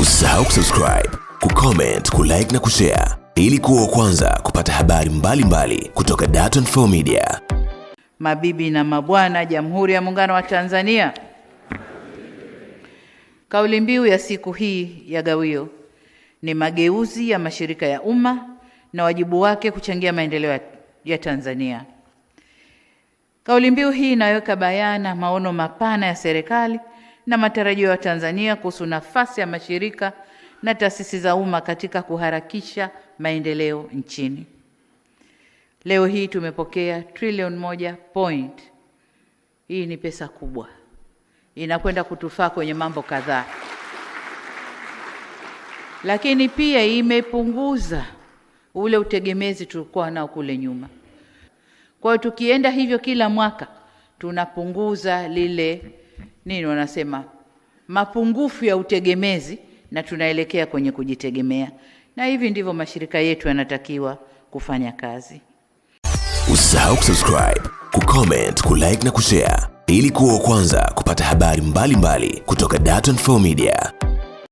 Usisahau kusubscribe, kucomment, kulike na kushare ili kuwa kwanza kupata habari mbalimbali mbali kutoka Dar24 Media. Mabibi na mabwana, Jamhuri ya Muungano wa Tanzania. Kauli mbiu ya siku hii ya gawio ni mageuzi ya mashirika ya umma na wajibu wake kuchangia maendeleo ya Tanzania. Kauli mbiu hii inaweka bayana maono mapana ya serikali na matarajio ya Tanzania kuhusu nafasi ya mashirika na taasisi za umma katika kuharakisha maendeleo nchini. Leo hii tumepokea trilioni moja point. Hii ni pesa kubwa, inakwenda kutufaa kwenye mambo kadhaa, lakini pia imepunguza ule utegemezi tulikuwa nao kule nyuma. Kwa hiyo tukienda hivyo kila mwaka tunapunguza lile nini wanasema, mapungufu ya utegemezi na tunaelekea kwenye kujitegemea, na hivi ndivyo mashirika yetu yanatakiwa kufanya kazi. Usisahau kusubscribe, kucomment, kulike na kushare ili kuwa wa kwanza kupata habari mbalimbali mbali kutoka Dar24 Media.